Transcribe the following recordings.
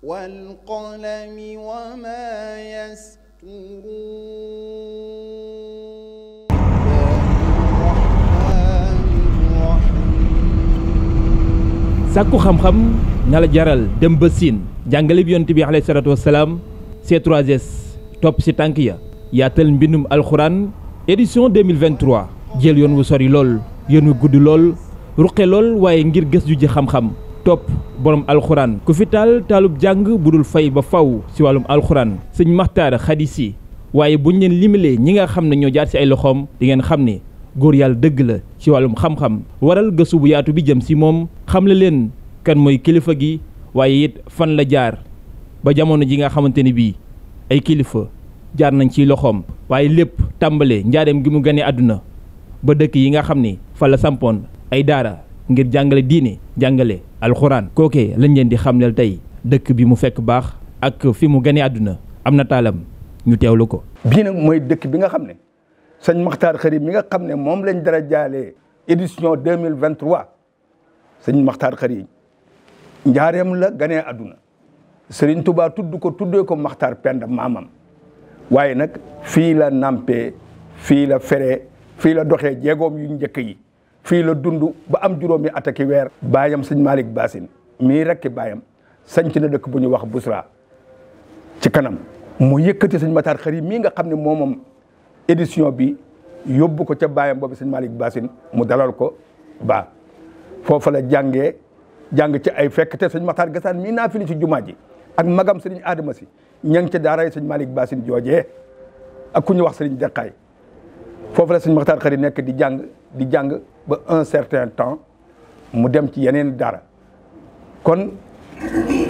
والقلم وما يسطرون sàkku xam-xam na la jaral dem ba siin jàngale bi yoon bi alayhi salaatu wasalaam c 3 topp si tànk ya yaatal mbindum alxuraan édition 2023 jël yoon wu sori lool yoon wu gudd lool ruqe lool waaye ngir gëstu ji xam-xam topp boroom alxuraan ku fi taal taalub jàng bu dul fay ba faw si wàllum alxuraan sëñ maxtaar si waaye buñ leen limilee ñi nga xam ne ñoo jaar si ay loxoom di ngeen xam ni góor yàlla dëgg la ci wàllum xam-xam waral gëstu bu yaatu bi jëm si moom xam la leen kan mooy kilifa gi waaye it fan la jaar ba jamono ji nga xamante ni bii ay kilifa jaar nañ ci loxoom waaye lépp tàmbale njaareem gi mu gane àdduna ba dëkk yi nga xam ni fa la sampoon ay daara ngir jàngale diine jàngale alxuraan kookee lañ leen di xam xamleel tey dëkk bi mu fekk baax ak fi mu gane àdduna am na taalam ñu teewlu ko. bii nag mooy dëkk bi nga xam ne sëñ Maxtaar Xari mi nga xam ne moom lañ dara jaalee édition deux mille vingt sëñ Maxtaar Xari njaareem la ganee àdduna sëriñ Touba tudd ko tuddee ko Maxtaar Penda maamam waaye nag fii la nampee fii la feree fii la doxee jéegoom yu njëkk yi. fii la dund ba am juróomi at ak weer baayam sëñ Malick Bassine mii rekki baayam sanc na dëkk bu ñu wax Busra ci kanam mu yëkkati sëñ Matar Xari mii nga xam ne moomam édition bi yóbbu ko ca baayam boobu sëñ Malick Bassine mu dalal ko ba foofu la jàngee jàng ci ay fekk te sëñ Matar Gassane mii naa fi ni ci jumaa ji ak magam sëriñ Adama si ña ngi ca daaray sëñ Malick Bassine jooje ak ku ñu wax sëriñ Deqaay foofu la sëñ Matar Xari nekk di jàng di jàng ba un certain temps mu dem ci yeneen dara kon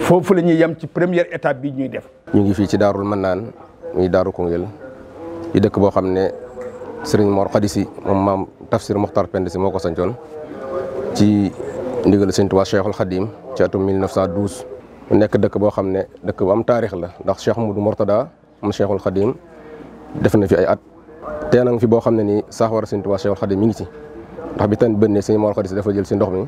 foofu la ñuy yem ci première état bi ñuy def. ñu ngi fii ci Daarul Mannaan muy Daaru Koungheul di dëkk boo xam ne sëriñ Mor Khady Sy moom maam Tafsir Mokhtar Pend Sy moo ko sancoon ci ndigal Sëriñ Tuubaa Cheikhul Khadim ci atum mu nekk dëkk boo xam ne dëkk bu am taarix la ndax Cheikh Moudou Mourtada moom Cheikhul Khadim def na fi ay at. tee nag fi boo xam ne nii sax war a Sëriñ Tuubaa Cheikhul Khadim mi ngi ci. ndax bi tan bënne suñu moor ko si dafa jël si ndox mi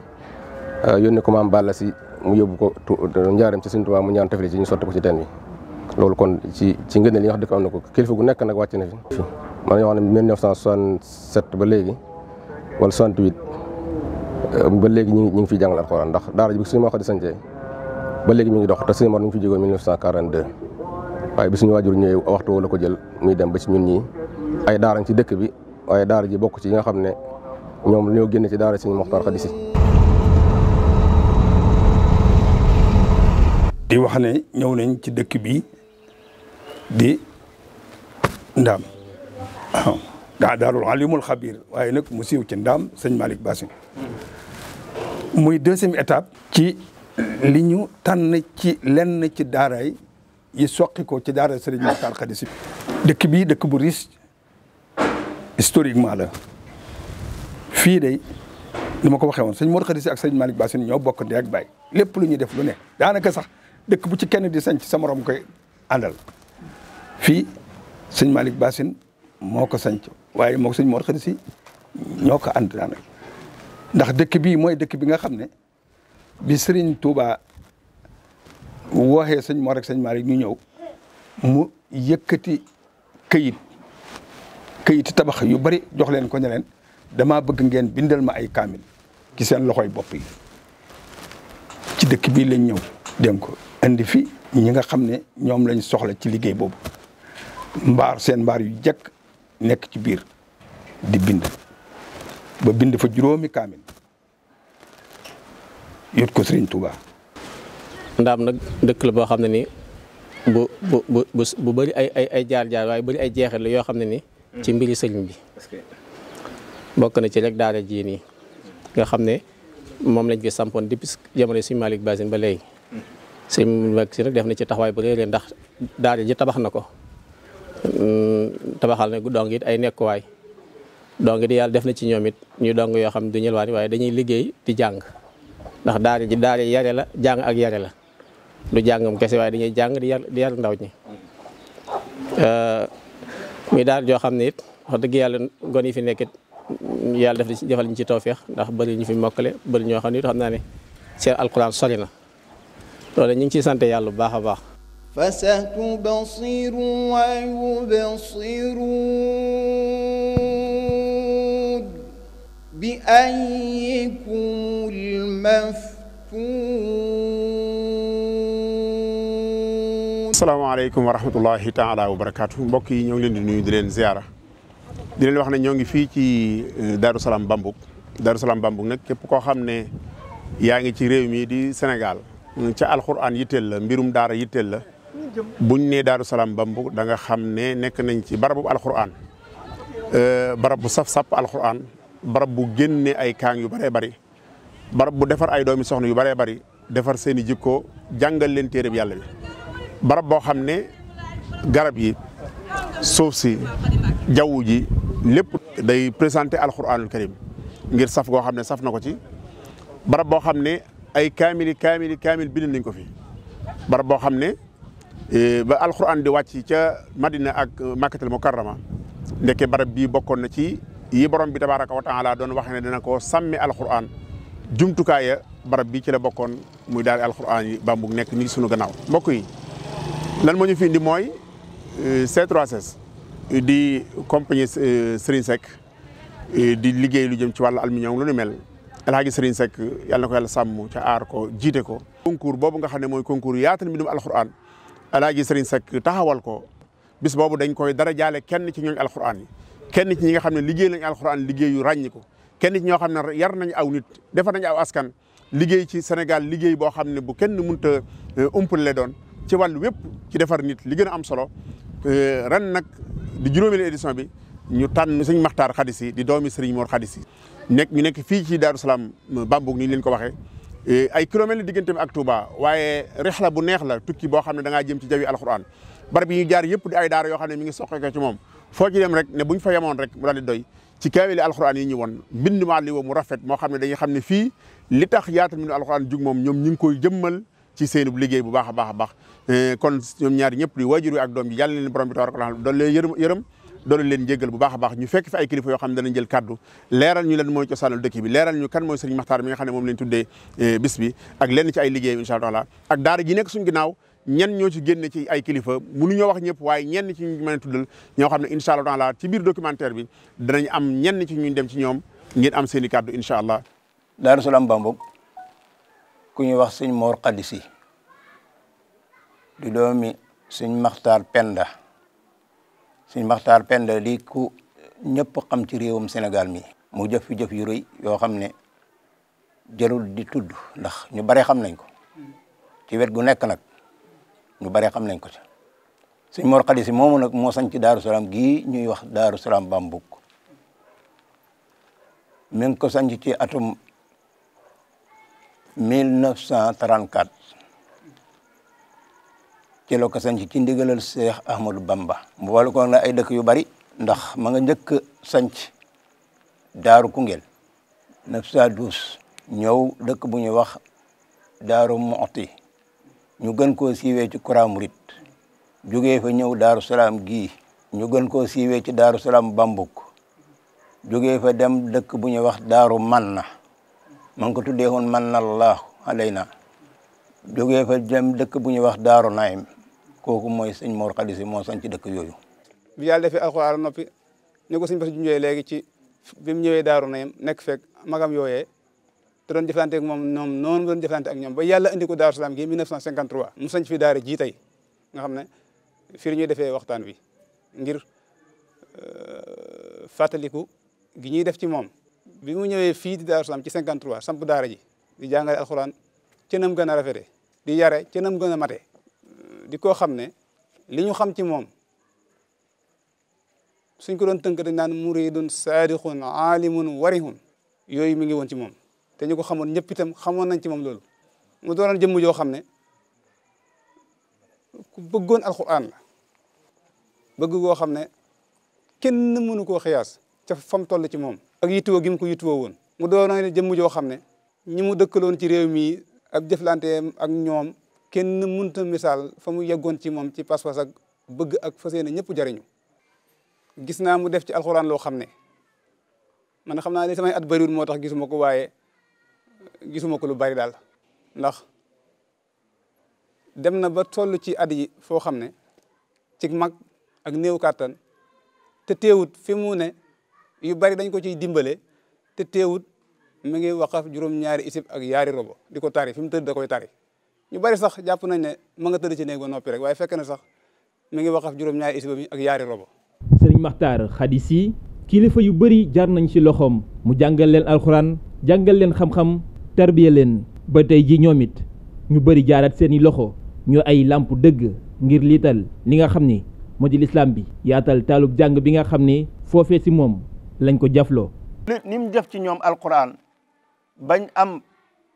euh, yónni ko maam Balla si mu yóbbu ko njaaram ci Sëriñ Tuubaa mu ñaan tefli ci ñu sotti ko ci teen loolu kon ci ci ngëneel li nga xam dëkk am na ko kilifa gu nekk nag wàcc na fi man ñoo xam ne 1967 ba léegi wala euh, ba léegi ñu ngi fi jàngal alxuraan ndax daara ji bi suñu moo ko di sancee ba léegi mi ngi dox te suñu mor mi ngi fi jógee 1942 waaye bi suñu waajur ñëwee waxtu woo la ko jël muy dem ba ci ñun ñi ay daara ci dëkk bi waaye daara ji bokk ci yi nga xam ne ñoom ñoo génn ci daara Serigne Mokhtar Khady di wax ne ñëw nañ ci dëkk bi di ndaam waaw daa daarul alimul xabir waaye nag mu siiw ci ndaam sëñ Malick Bassin muy deuxième étape ci li ñu tànn ci lenn ci daaray yi soqi ci daara Serigne Mokhtar Khady dëkk bii dëkk bu riche historiquement la fii de li ma ko waxee woon sëñ Mor Khady ak sëñ Malick Bassine ñoo bokk ndey ak baay lépp lu ñuy def lu ne daanaka sax dëkk bu ci kenn di sañ ci sa morom koy àndal fii sëñ Malick Bassine moo ko sañ waaye moo sëñ Mor Khady Sy ñoo ko ànd daanaka ndax dëkk bii mooy dëkk bi nga xam ne bi Serigne Touba wooxee sëñ Mor ak sëñ Malick ñu ñëw mu yëkkati këyit këyit tabax yu bari jox leen ko ne dama bëgg ngeen bindal ma ay kaamil ci seen loxoy bopp yi ci dëkk bii lañ ñëw dégg ko indi fi ñi nga xam ne ñoom lañ soxla ci liggéey boobu mbaar seen mbaar yu jekk nekk ci biir di bind ba bind fa juróomi kaamil yot ko Sëriñ Tuuba ndaam nag dëkk la boo xam ne ni bu bu bu bu ay ay ay jaar jaar waaye bëri ay jeexit la yoo xam ne ni ci mbiri sëriñ bi bokk ci rek daara ji nii nga xam ne moom lañ fi sampoon depuis jamono Sëñ Malick Basine ba léegi Sëñ Malick si nag def na ci taxawaay bu réeree ndax daara ji tabax na ko tabaxal na dong it ay nekkuwaay dong di yàlla def na ci ñoom it ñu dong yoo xam ne du ñëlwaani waaye dañuy liggéey di jàng ndax daara ji daara yare la jàng ak yare la du jàngam kese waaye dañuy jàng di yar ndaw ñi muy daara joo xam ne it wax dëgg yàlla gone yi fi nekkit yàlla def defal ñu ci tawféex ndax bëri ñu fi mokkale bëri ñoo xam ne xam naa ne seen alquran sori na loolu ñu ngi ciy sant yàlla bu baax a baax. فستبصر ويبصرون بأيكم المفتون. asalaamaaleykum wa rahmatullahi taala wa barakaatu mbokk yi ñoo ngi leen di nuyu di leen ziara. di wax na ñoo ngi fii ci euh, Darou Salaam Bambouck Darou Salaam Bambouck nag képp koo xam ne yaa ngi ci réew mi di Sénégal ca alxuraan yitteel la mbirum daara yitteel la buñ nee Darou Salaam Bambouck da xam ne nekk nañ ci barabu alxuraan euh, barabu bu saf-sapp alxuraan barab bu génne ay kaang yu bëree bari barab bu defar ay doomi soxna yu bëree bari defar seeni i jikko jàngal leen téereb yàlla bi barab boo xam ne garab yi suuf si jaww ji lépp day présenté alxuraanul karim ngir saf goo xam ne saf na ko ci barab boo xam ne ay kaamili kaamili kaamil bind nañ ko fi barab boo xam ne e, ba alxuraan di wàcc ca Madina ak mu Mukarrama ndekke barab bii bokkoon na ci yi borom bi tabaaraka wa taala doon waxe ne dana ko sàmmi alxuraan jumtukaaya barab bi ci la bokkoon muy daal alxuraan yi bambug nekk ni sunu gannaaw mbokk yi lan mooñu ñu fi indi mooy e, c 3 di compagnie euh, Serigne Seck euh, di liggéey lu jëm ci wàllu aluminium lu ni mel El Hadj Serigne Seck yàlla na ko yàlla sàmm ca aar ko jiite ko. concours boobu nga xam ne mooy concours yaatal mbindum alxuraan El Hadj Serigne Seck taxawal ko bis boobu dañ koy dara jaale kenn ci ñooñ alxuraan yi kenn ci ñi nga xam ne liggéey lañ alxuraan liggéey yu ràññi ko kenn ci ñoo xam ne yar nañ aw nit defar nañ aw askan liggéey ci Sénégal liggéey boo xam ne bu kenn mënut a le doon ci wàllu wépp ci defar nit li gën a am solo. Euh, ren nag di juróomeelu édition bi ñu tànn sëñ Maxtaar Xadis yi di doomi sëriñ Mor Xadis yi nekk ñu nekk fii ci Daaru Salaam euh, Bambouk ni leen ko waxee euh, ay kilomètres la diggante bi ak Touba waaye rex la bu neex la tukki boo xam ne da ngaa jëm ci jawi alxuraan barab yi ñu jaar yëpp di ay daar yoo xam ne mi ngi soqeekoo ci moom foo ci dem rek ne buñ fa yemoon rek mu daal di doy ci kaaweli alxuraan yi ñu won mbind maa li woo mu rafet moo xam ne dañuy xam ne fii li tax yaatal mbind alxuraan jug moom ñoom ñu ngi koy jëmmal ci seen bu liggéey bu baax a baax a baax eh, kon ñoom ñaari ñëpp di waajur wi ak doom leen borom bi tabaraka taala doon leen yërëm yërëm leen jéggal bu baax a baax ñu fekk fi ay kilifa yoo xam ne danañ jël kaddu leeral ñu leen mooy cosaanul dëkk bi leeral ñu kan mooy sëriñ Maxtaar mi nga xam ne moom lañ tuddee eh, bis bi ak lenn ci ay ak daara ji nekk suñ ginnaaw ñenn ñoo ci génne ci ay kilifa mënuñoo wax ñëpp waaye ñenn ci ñu mën tuddal ñoo xam ne incha allah taala ci biir documentaire bi danañ am ñenn ci ñu dem si ñoom ngeen am seeni i kaddu incha allah daaru salaam bambog ku ñu wax sëñ Mor Khady Sy di doomi sëñ Maxtaar Penda sëñ Maxtaar Penda di ku ñëpp xam ci réewum senegal mi mu jëf fi jëf yoo xam ne jërul di tudd ndax ñu bare xam nañ ko ci wet gu nekk nag ñu bare xam nañ ko ci sëñ Mor Khady nag moo sañ ci Daaru Salaam gii ñuy wax Daaru Salaam Bambouk mi ko sañ ci atum 1934 ci la sanc ci ndigalal Cheikh Ahmadou Bamba mu boole ko na ay dëkk yu bari ndax ma nga njëkk sanc daaru Koungheul 912 ñëw dëkk bu ñuy wax daaru Moxti ñu gën ko siiwee ci Kura Murit fa ñëw daaru salaam gii ñu gën ko siiwee ci daaru salaam Bambuk jógee fa dem dëkk bu ñuy wax daaru Manna ma ko tuddee woon man na allahu alayna jógee fa jëm dëkk bu ñuy wax Daaru Naim kooku mooy sëñ Mor Khady moo sañ ci dëkk yooyu. bi yàlla defee alxuraan noppi ni ko sëñ Bass junjee léegi ci bi mu ñëwee Daaru Naim nekk fek magam yooyee te doon jëflante moom ñoom noonu mu doon ak ñoom ba yàlla indi ko Daaru Salaam gi 1953. mu sañ fi daara ji tey nga xam ne fii la ñuy defee waxtaan wi ngir euh, fàttaliku gi ñuy def ci moom. bi mu ñëwee fii di Daaru ci 53 samp daara ji di jàngale alxuraan ci gën a rafetee di yare ci gën a matee di koo xam ne li ñu xam ci moom suñ ko doon tënk dañ naan muridun saadixun aalimun warihun yooyu mi ngi woon ci moom te ñu ko xamoon ñëpp itam xamoon nañ ci moom loolu mu doonoon jëmm joo xam ne ku bëggoon alxuraan bëgg koo xam ne kenn mënu koo xiyaas ca fam toll ci moom ak yittuwoo gi mu ko yittuwoo woon mu doona ne jëmm joo xam ne ñi mu dëkkaloon ci réew mii ab jëflante ak ñoom kenn mënta misaal fa mu yeggoon ci moom ci pas-pas ak bëgg ak fas yéene ñëpp jariñu gis naa mu def ci alxuraan loo xam ne man xam naa ne samay at bariwul moo tax gisuma ko waaye gisuma ko lu bari daal ndax dem na ba toll ci at yi foo xam ne ci mag ak néew kàttan te teewut fi mu ne yu bari dañ ko ciy dimbale te teewut mu ngi waqaf juróom-ñaari isib ak yaari robo di ko tari fi mu tëdd da koy tari ñu bari sax jàpp nañ ne ma nga tëdd ci néeg ba noppi rek waaye fekk na sax mi ngi waqaf juróom-ñaari isib ak yaari robo. Serigne Makhtar xadis kilifa yu bëri jaar nañ ci loxoom mu jàngal leen alxuraan jàngal leen xam-xam tarbiya leen ba tey ji ñoom it ñu bëri jaaraat seeni loxo ñu ay làmp dëgg ngir liital li nga xam ni moo di lislaam bi yaatal taalub jàng bi nga xam ni foofee si moom. lañ ko jafloo ni mu def ci ñoom alquran bañ am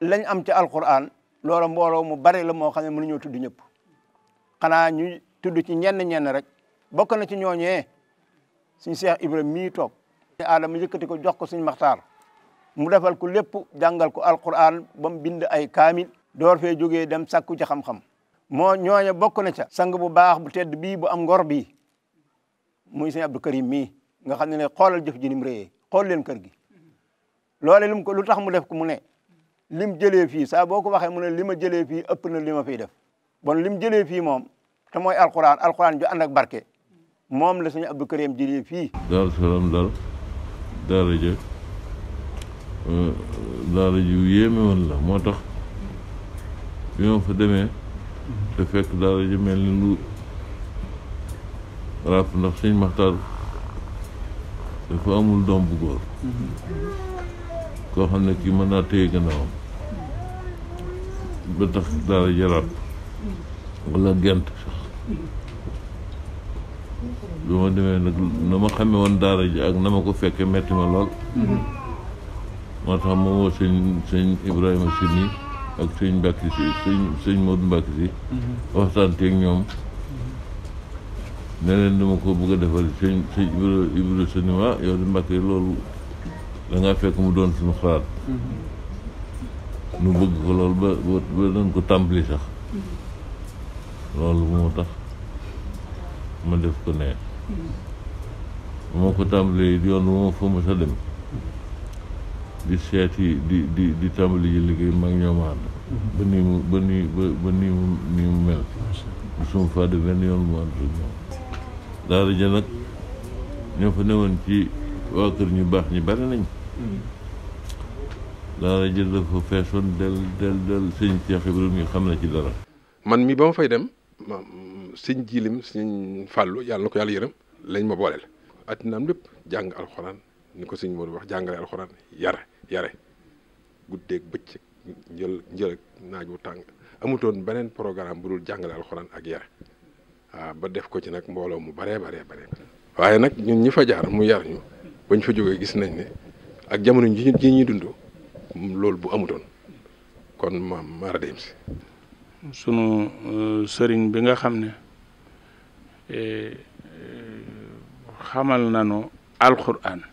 lañ am ci alquran loola mbooloo mu bare la moo xam ne mënuñoo tudd ñëpp xanaa ñu tudd ci ñenn ñenn rek bokk na ci ñooñee suñ Cheikh Ibrahima mii toog aadama yëkkati ko jox ko suñ maxtaar mu defal ko lépp jàngal ko alquran ba mu bind ay kaamil door fe jógee dem sakku ci xam-xam moo ñooñe bokk na ca sang bu baax bu tedd bii bu am ngor bii muy sëñ Abdou Karim mii nga xam ne ne xoolal jëf ji ni mu rëyee xool leen kër gi loole lim ko lu tax mu def ko mu ne lim jëlee fii saa boo ko waxee mu ne li ma jëlee fii ëpp na li ma fiy def bon lim jëlee fii moom te mooy alxuraan alxuraan ju ànd ak barke moom la suñu Abdou Karim jëlee fii Daaru Salaam daal daara ja euh, daara woon la moo tax bi fa demee te fekk daara ju mel ni lu raaf ndax suñ maxtaar dafa amul doom bu góor koo xam ne kii mën naa téye gannaawam ba tax dara jaraat wala gent sax bi ma demee nag na ma xamee woon daara ji ak na ma ko fekkee metti ma lool moo tax ma woo sëñ sëñ Ibrahima si nii ak sëñ Mbàkke si sëñ sëñ Modou Mbàkke si mhm. waxtaan teeg ñoom ne leen dama ko bëgg a defal sëñ sëñ Ibro Ibro Seniwa yow di Mbàkke loolu da fekk mu doon suñu xalaat nu bëgg ko loolu ba ba dañ ko tàmbali sax loolu moo tax ma def ko ne moo ko tàmbalee yoon moo fa ma sa dem di seeti di di di tàmbali ji liggéey mag ñoom ànd ba nii mu ba nii ba nii mu nii mu mel suma fa demee yoon mu ànd su ñoom daara ja nag ñoo fa newoon ci waa kër ñu baax ñi bari nañ hmm. daara ja dafa feesoon del del del sëñ Cheikh Ibrahima ñu xam na ci dara man mii ba ma fay dem sëñ jilim sëñ fàllu yàlla na ko yàlla yërëm lañ ma booleel addinaam lépp jàng alxuraan ni ko sëñ Modou wax jàngale alxuraan yare yare guddeeg bëccëg njël njël naaj wu tàng amutoon beneen programme bu dul jàngale alxuraan ak yare waaw ah, ba def ko ci nag mbooloo mu baree baree bare waaye nag ñu ñi fa jaar mu yar ñu bañ fa jógee gis nañ ne ak jamono ji ji ñuy dundoo loolu bu amutoon kon ma mara si sunu euh, sëriñ bi nga xam ne eh, eh, xamal nañu alxuraan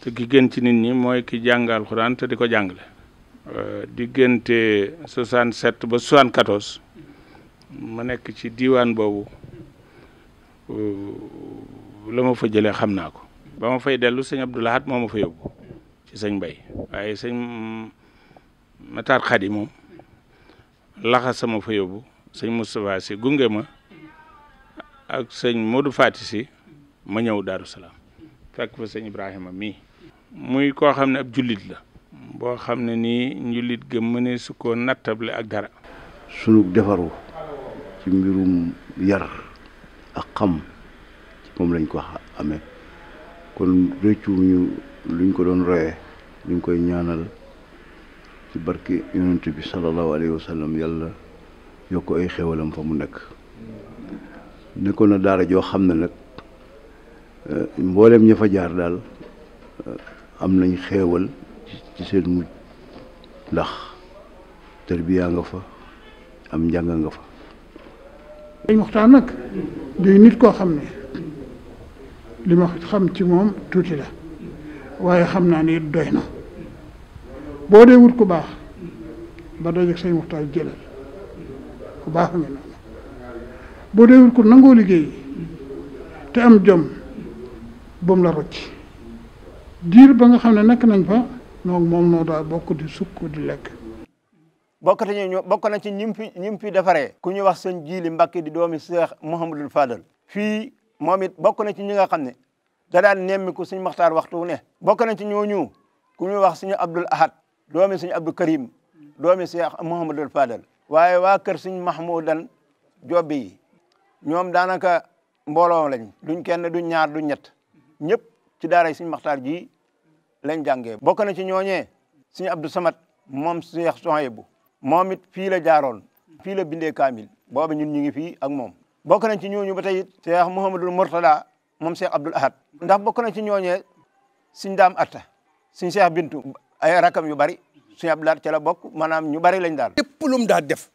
te ki gën ci nit ñi mooy ki jàng alxuraan te di ko jàngale euh, diggante 67 ba 74 ma nekk ci diwaan boobu euh, la ma fa jëlee xam naa ko ba ma fay dellu sëñ Abdou Lahad moo ma fa yóbbu ci sëñ Mbay waaye sëñ Matar Khady moom laxa sama fa yóbbu sëñ Moustapha si gunge ma ak sëñ Modou Fati si ma ñëw Daaru Salaam fekk fa sëñ Ibrahima mii muy koo xam ne ab jullit la boo xam ne nii njullit ga mëne su ko nattable ak dara sunug defaru ci mbirum yar ak xam moom lañ ko amee kon rëccuwuñu luñ ko doon royee luñ koy ñaanal ci barki yonent bi sallallahu alayhi wa sallam yàlla yokk ay xéwalam fa mu nekk nekkoon na daara joo xam ne nag eh, mbooleem ña jaar daal eh, am nañ xéewal ci seen mujj ndax tërbiyaa nga fa am njàng nga fa dañ waxtaan nag day nit koo xam ne li ma xam ci moom tuuti la waaye xam naa ni doy na boo dee wut ku baax ba dajeeg say muxtaar jël ku baax a ngi noonu boo dee wut ku nangoo liggéey te am jom boobu la rocc diir ba nga xam ne nekk nañ fa noonu moom noo daa bokk di sukk di lekk bokk nañu bokk na ci ñim fi ñim fi defaree ku ñuy wax sëñ Jiili Mbàkke di doomi Seex Muhammadul Fadal fii moom it bokk na ci ñi nga xam ne da daan ku suñ Maxtaar waxtu ne bokk na ci ñooñu ku ñuy wax suñu Abdul Ahad doomi suñu Abdul Karim doomi Seex Muhammadul Fadal waaye waa kër suñ Mahmudan Jobbi yi ñoom daanaka mbooloo lañ duñ kenn duñ ñaar duñ ñett ñëpp ci daaray suñ Maxtaar ji lañ jàngee bokk na ci ñooñee suñu Abdou Samad moom Seex Sohaybou moom it fii la jaaroon fii la bindee kaamil booba ñun ñu ngi fii ak moom bokk nañ ci ñooñu ba tey it Cheikh Mouhamadul Mourtada moom Cheikh Abdoul Ahad ndax bokk nañ ci ñooñee suñ daam atta suñ Cheikh Bintu ay rakam yu bari suñu Abdoulaye ca la bokk maanaam ñu bari lañ daal lépp lu mu daa def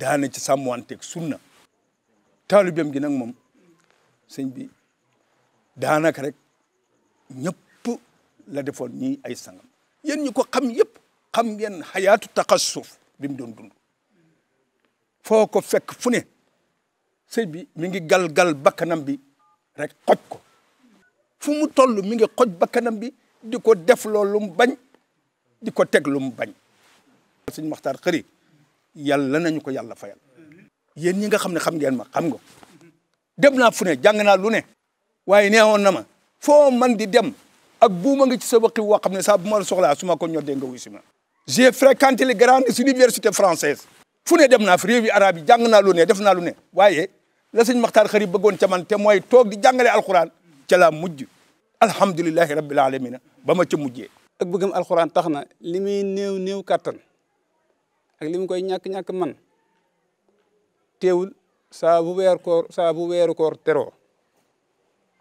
daana ci sàmmanteeg sunna taalibeem gi nag moom sëñ bi daanaka rek ñëpp la defoon ñi ay sangam yéen ñu ko xam yëpp xam ngeen xayaatu taxassuf bi mu doon dund foo ko fekk fu ne sëñ bi mi ngi gal-gal bakkanam bi rek xoj ko fu mu toll mi ngi xoj bakkanam bi di ko def loolu mu bañ di ko teg lu mu bañ sëñ Maxtaar Xëri yàlla nañu ko yàlla fayal yéen ñi nga xam ne xam ngeen ma xam nga dem naa fu ne jàng naa lu ne waaye nee woon na ma foo man di dem ak buuma ngi ci sa waqi woo xam ne saa bu ma la soxlaa su ma ko ñoddee nga wuy si ma j'ai fréquenté les grandes universités françaises fu ne dem naa fi réew yi arab jàng naa lu ne def naa lu ne waaye la sëñ Maxtaar Xari bëggoon ca man te mooy toog di jàngale alxuraan ca laa mujj alhamdulilahi rabbil alamina ba ma ca mujjee ak bëggam alxuraan tax na li muy néew néew kàttan ak li koy ñàkk-ñàkk man tewul sabu weer koor saa bu weeru koor teroo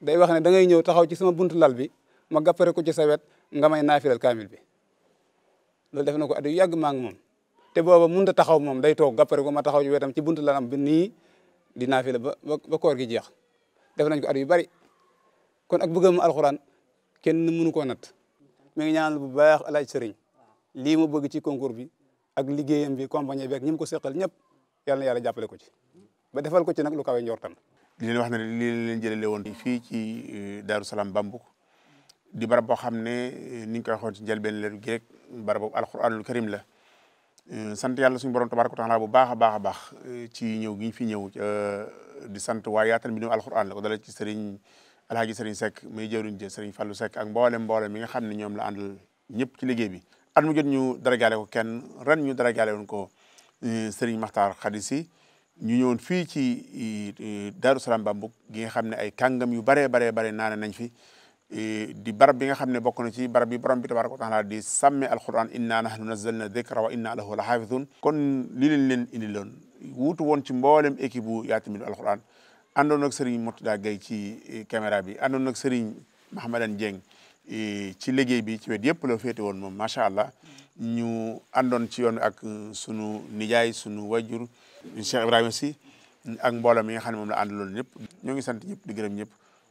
day wax ne da ngay ñëw taxaw ci sama buntu lal bi ma gappare ko ci sa wet nga may naafilal bi loolu def na ko adu yu yàgg maa ngi moom te booba mënut a taxaw moom day toog gàppare ko ma taxaw ci wetam ci buntu la am bi nii di naafila ba ba gi jeex def nañ ko at yu bari kon ak bëggam alxuraan kenn mënu ko nat mi ngi ñaanal bu baax alaaj sëriñ lii mu bëgg ci concours bi ak liggéeyam bi compagnie bi ak ñi ko seqal ñëpp yàlla na yàlla jàppale ko ci ba defal ko ci nag lu kawe njortam li leen wax ne lii leen jëlale woon fii ci eh, Daaru Salaam Bambuk di barab boo xam ne eh, ni ñu koy waxoon ci njëlbeen leer gi rek barabu alquranul karim la euh, sant yàlla suñu borom tabaraka taala bu baax a baax a baax euh, ci ñëw gi ñu fi ñëw euh, di sant waa yaatal mbindum alquran la ko dala ci sëriñ alhaaji sëriñ Seck muy jëwriñ jë sëriñ Fallou Seck ak mboolem mboolem mi nga xam ne ñoom la ñëpp ci liggéey bi at mu jot ñu kenn ren ñu daragaale woon ko sëriñ Maxtaar Xadisi ñu ñëwoon fii ci Daaru Salaam Bambuk gi nga xam ne ay kàngam yu baree baree bare naane nañ fi Eh, di barab bi nga xam ne bokk na ci barab bi borom bi tabaraka wa taala di sàmme alquran inna nahnu nazzalna dhikra wa inna lahu la xaafidun kon li leen leen indi loon wutu woon ci mboolem équipe bu yaatamil alquran àndoon ak Serigne Mourtada Gaye ci eh, caméra bi àndoon ak Serigne Mahamadan Dieng eh, ci liggéey bi ci wet yëpp la féete woon moom macha allah ñu àndoon ci yoon ak sunu nijaay sunu wajur Cheikh Ibrahima si ak mbooloo mi nga xam ne moom la àndaloon ñëpp ñoo ngi sant ñëpp di ñëpp